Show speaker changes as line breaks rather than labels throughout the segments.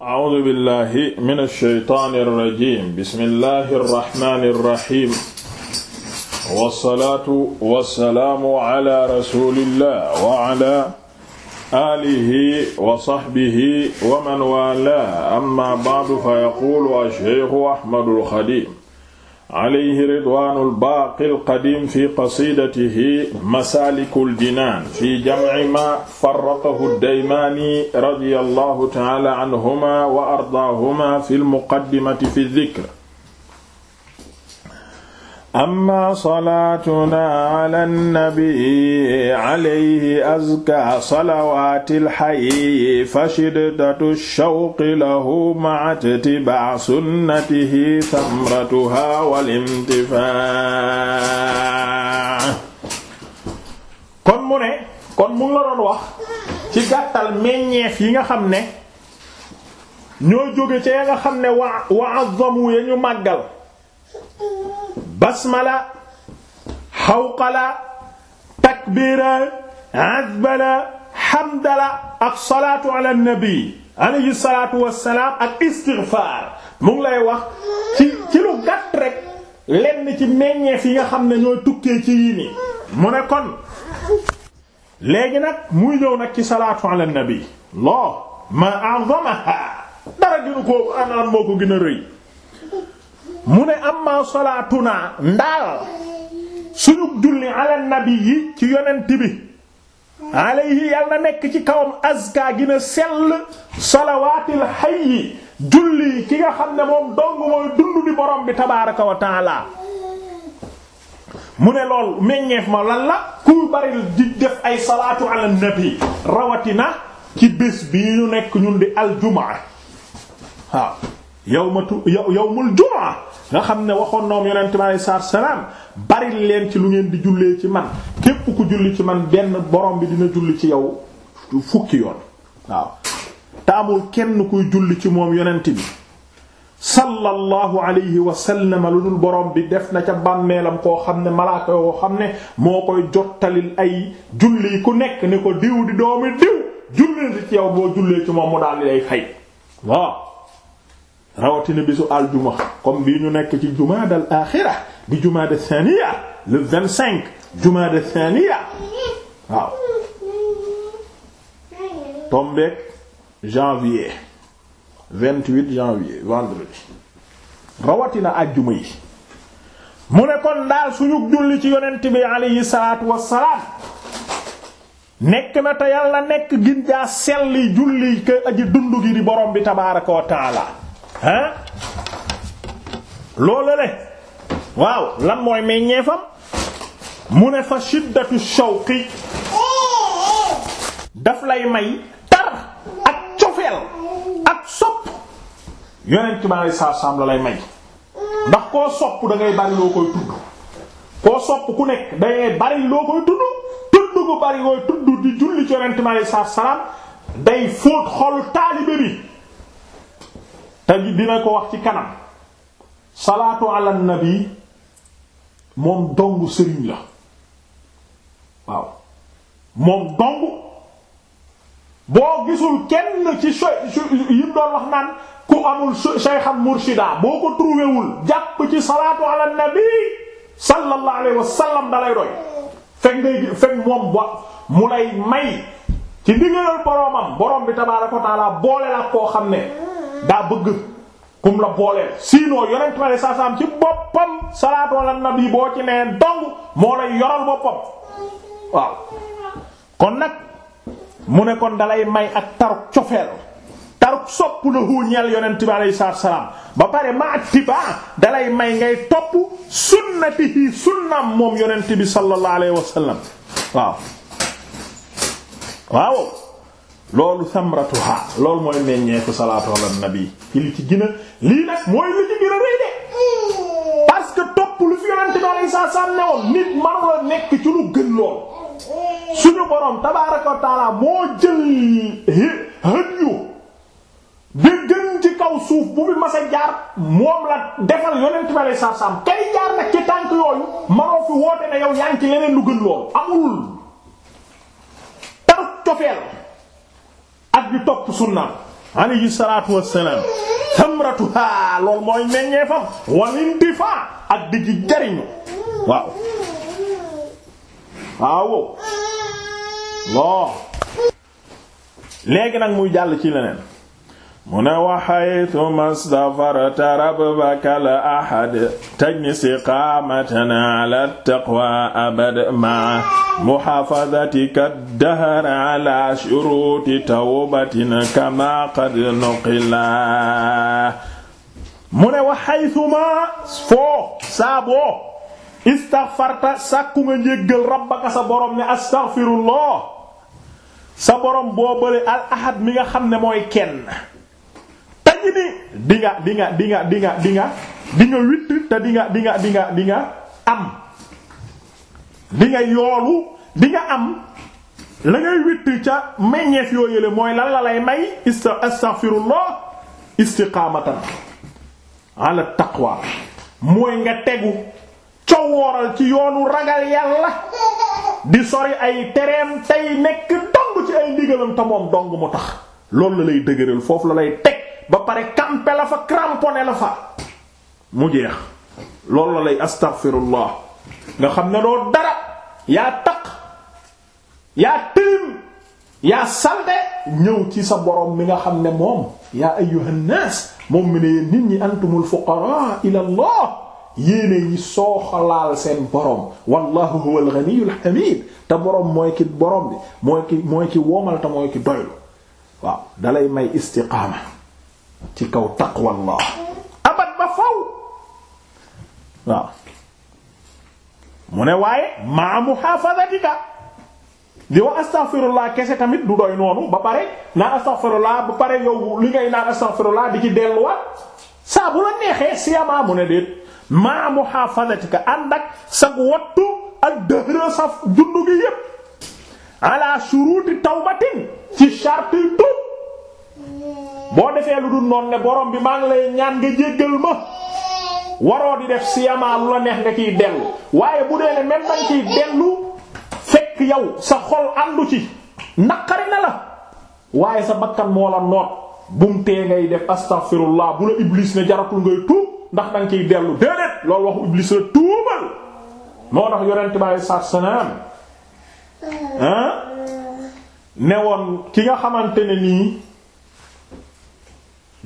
A'uuzu billaahi mina shaytaani rajiim bismillaahi rahmaani rahiim wassalaatu wassalaamu alaa rasuulillaah wa alaa aalihi wa sahbihi wa man waalaahu ammaa ba'du fa yaquulu ash-shaykhu Ahmadul Xadiim alayhi ridwaanul baaqil qadiim fi qasiidatihi masaalikul jinaan fi jamci maa farraqahu daymaani radiyallahu ta'aala anhumaa wa ardaahumaa fil muqaddimati fi dikr amma salaatuna ala nabi alayhi azka salawaati fa shiddatu shawqi lahu ma'a tibaa sunnatihi thamratuha wal imtifaa kon mu ne kon mu ngi la wax ci gàttal meññeef yi nga xam ne ñoo jóge ca ya nga xam ne wa wa azzamu ya ñu màggal basmala xawqala takbira azbala hamdala ak salaatu ala nabi alayhi salaatu wassalaam ak istighfar mu ngi lay wax ci ci lu gàtt rek lenn ci meññeef yi nga xam ne ñooy tukkee ci yii nii mu ne kon léegi nag muy ñëw nag ci salaatu ala nabi loo ma a'zamaha dara gënu ko anaan moo ko gën a rëy mu ne amma salaatuna ndaal suñu julli ala nabi yi ci yonent bi alayhi yàlla nekk ci kawam aska gi na sell salawaatil hayyi julli ki nga xam ne moom dong mooy dund di borom bi tabaaraka wa mu ne lool meññeef ma lan la ku bari di def ay salaatu ala nabi rawatina ci bés bii ñu nekk ñun di aljumaa waaw yow yawma tu yawmul jumaa nga xam ne waxoon noom yonente mi alayhi salaam bari leen ci lu ngeen di jullee ci man képp ku julli ci man benn borom bi dina julli ci yow fukki yoon kenn kuy julli ci moom yonent bi sallallahu alayhi wa sallam lu dul borom bi def na ca bàmmeelam koo xam ne malaaka yoo xam ne moo koy jottalil ay julli ku nekk ni ko diw di doomi diw jullee ci yow boo jullee ci moom mu daal di lay fay waaw rawatina bisu aljuma bii ñu nekk ci jumaada al axira di jumaada thaniya le vingt cinq jumaada thaniya waaw tombeek janvier vingt-huit yi mu ne kon suñu julli ci yonent bi alayhi salaatu wassalaam nekk na te yàlla nekk gin jaa selli julli kay aji dund gi di borom bi tabaaraka wa ah loolu le waaw lan mooy meññeefam mu ne fa shiddatu shawqi daf lay may tar ak cofeel ak sopp yonent ma lay sa sam la lay may ndax koo sopp da ngay bari loo koy tudd koo sopp ku nekk da ngay bari loo koy tudd tudd bu bari koy tudd di julli ci yonent ma salaam day fóot xolu taalibe bi te dina ko wax ci kanam salaatu ala nabi moom dong sëriñ la waaw moom dong boo gisul kenn ci yim doon wax naan ku amul shaykhan murshida boo ko trouvéwul jàpp ci salaatu ala nabi sallallahu alayhi wa sallam dalay doy fekk ngay fekk moom ba mu lay may ci ndigalal boromam borom bi tabaaraka wa taala boole la koo xam ne daa bëgg kum la booleel sinon yonent ma ne saa saam ci boppam salaatu ala nabi boo ci nee dong moo lay yoral boppam waaw kon nag mu ne kon dalay may ak taruk cofeel taruk sopp la hu ñeel yonent bi alayhi salaatu salaam ba pare ma attibaa dalay may ngay topp sunnatihi sunnaam moom yonent bi sallallahu alayhi waaw waaw loolu samratuha loolu mooy meññeeku salaatu ala nabi ci li ci gën lii nag mooy li ci gën a rëy de parce topp lu fi yonente bi alayhi salaam ne woon nit manula nekk ci lu gën lool suñu borom tabaaraka wa moo jël hëdyu bi gën ci kaw suuf bu bi mas a jaar moom la defal yonente bi alayhi salaam kay jaar nag ci tànk yooyu manoo fi woote ne yow yaa ci leneen lu gën lool amul taruk cofeel ak di topp sunnaam alayhi salaatu wassalaam samratuha loolu mooy meññee fam walin di fa ak di ci jariñu waaw waaw loo léegi nag muy jàll ci leneen mu ne waxaytu mastafarta rabbaka la ahad tajnisi qaamatan ala taqwa abad ma muhaafadatika dahar ala shuruuti tawbatin kama qad nuqila mu ne waxaytuma foo saaboo istafarta sàkku nga njéggal rabbaka sa borom ne astaghfirullah sa borom boo bële al ahad mi nga xam ne mooy kenn ji nii di nga dinga nga di nga di nga di di nga di nga di nga am di nga yoolu di nga am la ngay witt ca meññeef yoo yële mooy lan la lay may astaghfirullah istiqaamatan ala taqwa mooy nga tegu cowooral ci yoonu ragal yàlla di sori ay tereem tey nekk dong ci ay ndigalam te moom dong mu tax loolu la lay dëgëral foofu la lay teg ba pare campé la fa cramponné la fa mu jeex loolu la lay astaghfirullah nga xam ne doo dara yaa taq yaa tilim yaa salte ñëw ci sa borom mi nga xam ne moom yaa ayyuhan nas moom mi ne nit ñi antumul fuqara ila allah yéene yi sooxalaal seen borom wallahu huwal ghaniyyul hamid te borom mooy ki borom bi mooy ki mooy ki woomal te mooy ki doylu waaw dalay may istiqaama ci kaw taqwallah abad ba faw waaw mu ne waaye maa muhaafadatika di wax astaghfirullah kese tamit du doy noonu ba pare naan astaghfirullah ba pare yow li ngay naan astaghfirullah di ci delluwaat saa la neexee siyamaa mu ne déet maa muhaafadatika ànd ak sag wattu ak dëhëra sa gi yépp ala shuruti tawbatin ci sharti tuub boo defee lu dul noonu ne borom bi maa ngi lay ñaan nga jéggal ma waroo di def siyamaa lu la neex nga ciy dellu waaye bu dee ne même dañ ciy dellu fekk yow sa xol àndu ci naqari na la waaye sa bakkan moo la noot bum tee ngay def astaghfirullah bu la iblis ne jaratul ngay tuub ndax danga ciy dellu déedéet loolu waxu iblis la tuubal moo tax yonent bi alei salaatu ne woon ki nga xamante ne nii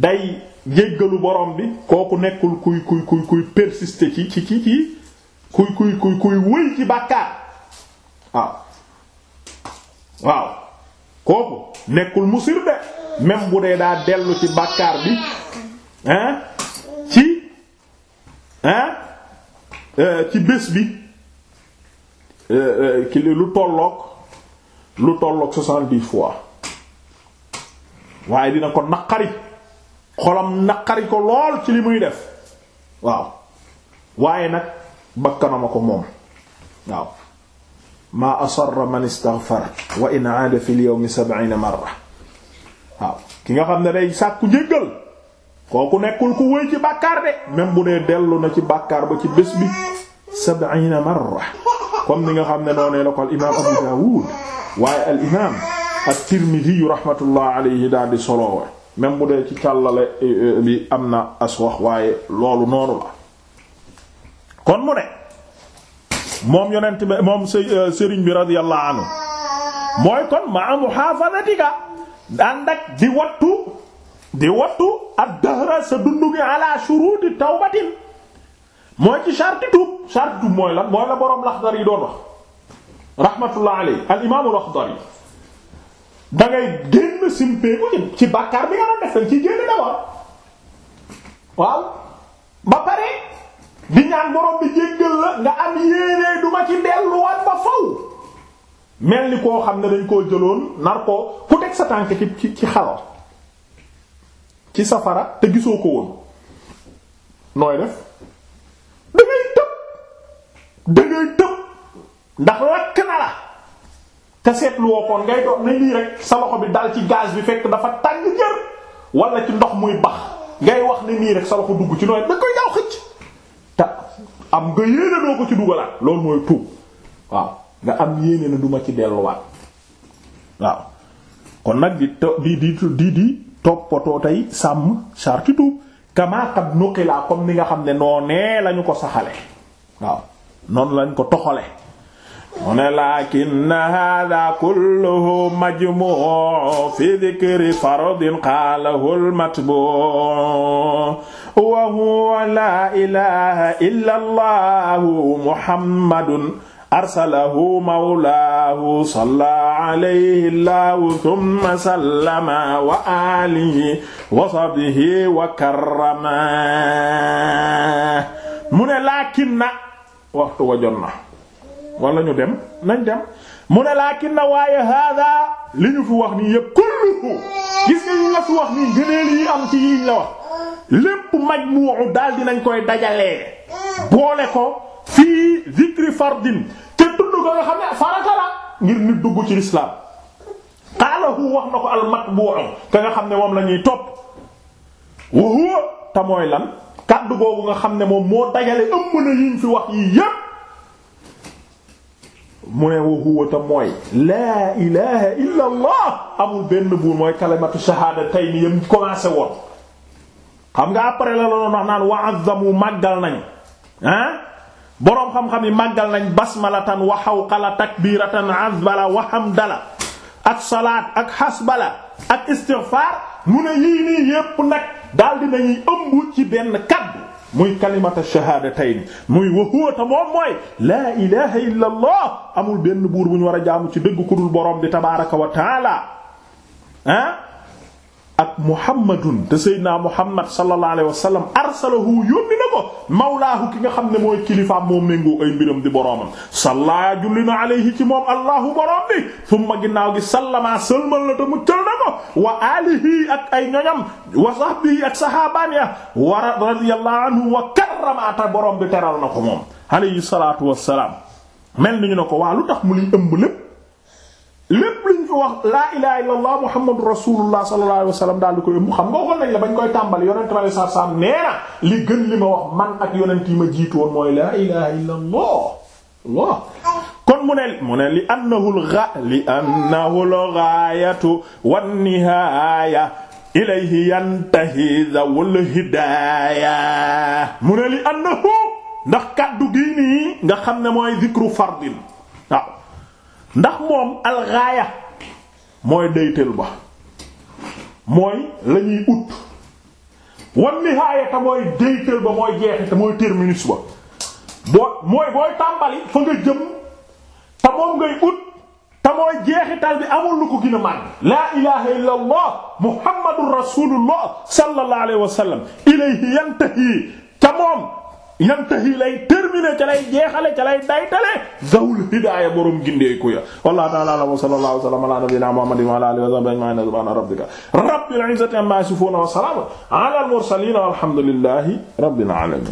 day jéggalu borom bi kooku nekkul kuy kuy kuy ci ci ci ci kuy kuy kuy wëy ci bàkkaar waaw waaw kooku nekkul musir de même bu dee daa dellu ci bàkkaar bi hein ci hein euh, ci bés bi euh, euh, ki lu tolloog lu tolloog soixante-dix fois waaye dina ko naqari xolam naqari ko lool ci li muy def waaw waaye nag bakkanama ko moom waaw maa asarra man istaghfara wa in aada fi al-yawmi sab'iina marra waaw nga xam ne day sàkku njéggal kooku nekkul ku wéy ci bàkkaar de même bu dee dellu na ci bàkkaar ba ci bés bi sab'iina marra comme ni nga xam ne noonee la ko al imaam Abu Daawuud waaye al imaam at-Tirmidhi rahmatullah alayhi daal di soloowe même bu dee ci càllale euh, euh, bi am na as waaye loolu noonu la kon mu ne moom yonent bi moom euh, sëriñ bi radiyallahu anhu mooy kon ma muhaafadatika ànd ak di wattu di wattu ad-dahra sa dundu gi ala shuruti mooy ci sharti tuub sharti tuub mooy la mooy la boroom laxdar doon wax rahmatullah alayhi al imaamul laxdar dangay génn simpee ko ci ci bàkkaar bi nga doon def dañ ciy génn d'abord waaw ba pare di ñaan borom bi jéggal la nga am yéenee duma ci delluwaat ba faw mel ni koo xam ne dañ koo jëloon nar ko ku teg sa tànk ci ci xalo ci safara te gisoo ko woon nooy def dangay tëb dangay tëb ndax lakk na la te seetlu woo koon ngay doon na lii rek sa loxo bi dal ci gaz bi fekk dafa tàng jër wala ci ndox muy bax ngay wax ne nii rek sa loxo dugg ci nooy da koy gaaw xëcc te am nga yéene am yéene na duma ci delluwaat waaw kon nag di di di di toppatoo tey sàmm sarti tuub kamaatab comme ni nga xam ne noonee lañu ko saxale waaw noonu lañ ko toxale mu ne lakin hada kulluhu majmuu fi dhikri fardin qaalahu al-matbuu wa huwa laa ilaaha illa allahu muhammadun arsalahu mawlaahu salla alayhi allahu thumma sallama wa alihi wa sahbihi wa karrama mu ne lakin na waxtu wa jot na wala ñu dem nañ dem mu ne laakin na waaye hada li ñu fi wax nii yëpp kulluhu gis nga ñu la fi wax nii gëneel yi am ci yiñ la wax lépp majmu'u daal dinañ koy dajalee boole ko fii zikri fardin te tudd ko nga xam ne farata ngir nit dugg ci lislaam qaalahu wax na ko al matbu'u ka nga xam ne moom la ñuy topp wa huwa te mooy lan kàddu googu nga xam ne moom moo dajale ëmb na yiñ fi wax yi yépp mu ne wa mooy laa ilaha illa amul benn buur mooy kalimatu shahadatayni yam commencé woon xam nga après la loon wax naan wa azzamu màggal nañ ah boroom xam-xam yi màggal nañ basmalatan wa hawqala takbiratan azbala wa hamdala ak salaat ak hasbala ak istighfar mu ne yii nii yépp nag daal dinañuy ëmb ci benn kaddu muy kalimata shahaadatayn muy wa huwa ta moom mooy laa ilaha illa allah amul benn buur bu ñu war a jaamu ci dëgg ku dul borom bi tabaaraka wa taala ah ak muhammadun te seydinaa muhammad sallallahu alayhi wa sallam arsalahu yónni na ko mawlaahu ki nga xam ne mooy kilifaam moo méngoo ay mbiram di boroomam sallaa julli alayhi ci moom allahu boroom bi summa ginnaaw gi sallamaa sëlmal na te muccal na ko wa alihi ak ay ñoñam wa sahbihi ak sahaabaan ya wa radiyallahu anhu boroom bi teral na ko moom alayhi salaatu wassalaam mel ni ñu ne ko waa lu mu liy ëmb lépp lépp luñ fi wax laa ilaha illallah muhammadu rasulullah sallallahu alayhi wasallam daal di koy ëmb xam nga waxoon nañ la bañ koy tàmbali yonent bi saa saa nee na li gën li ma wax man ak yonent yi ma jiitoon mooy laa ilaha illallah Allah kon mu ne mu ne li annahu al-gha li annahu al-ghayatu wan-nihaya ilayhi yantahi zawul hidaya mu ne li annahu ndax kaddu gii nii nga xam ne mooy zikru fardin waaw ndax moom alxaaya mooy daytal ba mooy lañuy ñuy ut wan nihaaya te mooy daytal ba mooy jeexi te mooy terminus ba boo mooy booy tàmbali fa nga jëm te moom ngay ut te mooy jeexital bi amul lu ko gën a màgg laa ilaha illa allah muhammadur rasulullah sallallahu alayhi wa sallam ilayhi yantahi te moom yantahi lay terminer ca lay jeexale ca lay daytale zawul hidaaya borom gindeeku ya wallahu ta'ala a'lam wa sallallahu alayhi wa sallam ala nabiyyina muhammadin wa ala alihi wa sahbihi ajma'in subhana rabbika rabbil izzati amma yasifun wa salamun ala al mursalin walhamdulillahi rabbil alamin